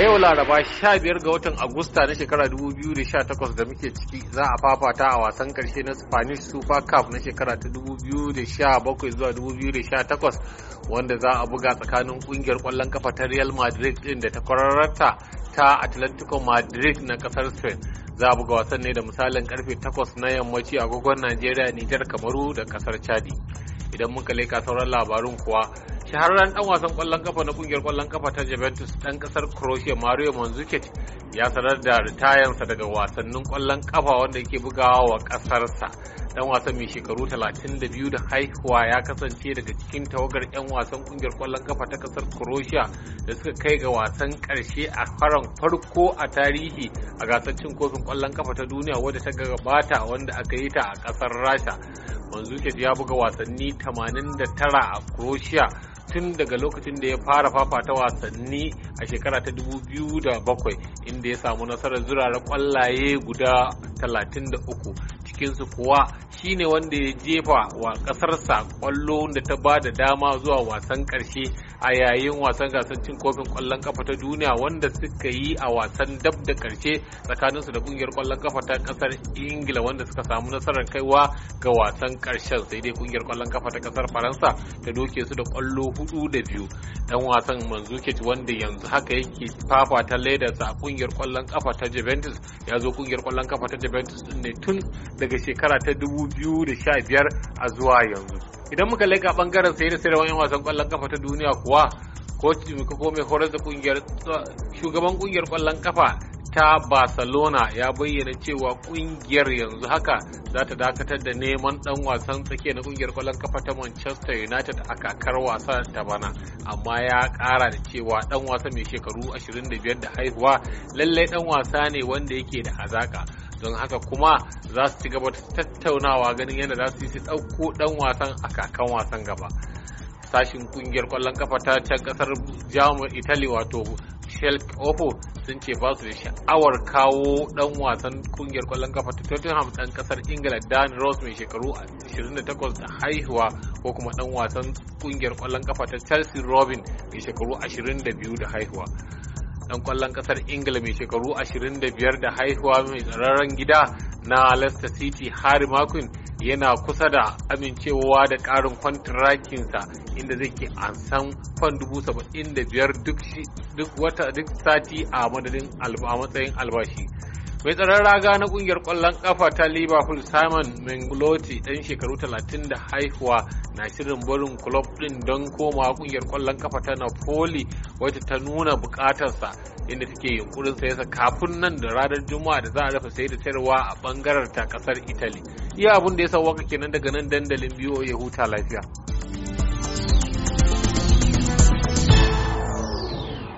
a yau laraba 15 ga watan agusta na shekara 2018 da muke ciki za a fafata a wasan karshe na spanish super cup na shekara ta 2017 zuwa 2018 wanda za a buga tsakanin kungiyar kwallon kafa ta real madrid din da ta kwararrata ta atlantico madrid na kasar spain za a buga wasan ne da misalin karfe 8 na yammaci agogon najeriya nijar kamaru da kasar chadi idan muka leka sauran labarun kuwa shahararren dan wasan kwallon kafa na kungiyar kwallon kafa ta Juventus dan kasar Croatia Mario Mandzukic ya sanar da ritayansa daga wasannin kwallon kafa wanda yake bugawa wa kasarsa dan wasan mai shekaru 32 da haihuwa ya kasance daga cikin tawagar 'yan wasan kungiyar kwallon kafa ta kasar croatia da suka kai ga wasan karshe a karon farko a tarihi a gasar cin kofin kwallon kafa ta duniya wadda ta gabata wanda aka yi ta a kasar rasha manzukic ya buga wasanni 89 a croatia tun daga lokacin da ya fara fafata wasanni a shekara ta 2007 inda ya samu nasarar zurara kwallaye guda 33 su kuwa shine wanda ya jefa wa ƙasarsa ƙwallo da ta ba da dama zuwa wasan karshe a yayin wasan gasar cin kofin kwallon kafa ta duniya wanda suka yi a wasan dab da ƙarshe tsakaninsu da ƙungiyar kwallon kafa ta ƙasar ingila wanda suka samu nasarar kaiwa ga wasan ƙarshen sai dai ƙungiyar kwallon kafa ta ƙasar faransa ta doke su da kwallo hudu da biyu dan wasan manzukic wanda yanzu haka yake fafata leda a ƙungiyar kwallon kafa ta juventus ya zo kungiyar kwallon kafa ta juventus ne tun daga daga shekara ta biyar a zuwa yanzu idan muka laika bangaren sayar da sayarwa yan wasan kwallon kafa ta duniya kuwa koci ko mai horar da kungiyar shugaban kungiyar kwallon kafa ta barcelona ya bayyana cewa ƙungiyar yanzu haka za ta dakatar da neman dan wasan tsakiya na kungiyar kwallon kafa ta manchester united a kakar wasa ta bana amma ya kara da cewa dan wasa mai shekaru 25 da haihuwa lallai dan wasa ne wanda yake da hazaka don haka kuma za su ci gaba da tattaunawa ganin yadda za su yi su ɗauko ɗan wasan a kakan wasan gaba sashin kungiyar kwallon kafa ta can kasar jamus italy wato shelk ofo sun ce ba su da sha'awar kawo dan wasan kungiyar kwallon kafa ta tottenham dan kasar ingila dan ross mai shekaru 28 da haihuwa ko kuma dan wasan kungiyar kwallon kafa ta chelsea robin mai shekaru 22 da haihuwa dan kwallon kasar ingila mai shekaru 25 da haihuwa mai tsararren gida na leicester city harry makwin yana kusa da amincewa da karin kwantirakinsa inda zai ke ansan kwan dubu saba'in da biyar duk sati a madadin a matsayin albashi mai tsaron raga na kungiyar kwallon kafa ta liverpool simon mangloti dan shekaru 30 da haihuwa na shirin barin club din don komawa kungiyar kwallon kafa ta napoli wacce ta nuna bukatarsa inda take yunkurin sayarsa kafin nan da ranar juma'a da za a rafa sai da sayarwa a bangaren ta kasar italy iya abin da ya sa waka kenan daga nan dandalin biyo ya huta lafiya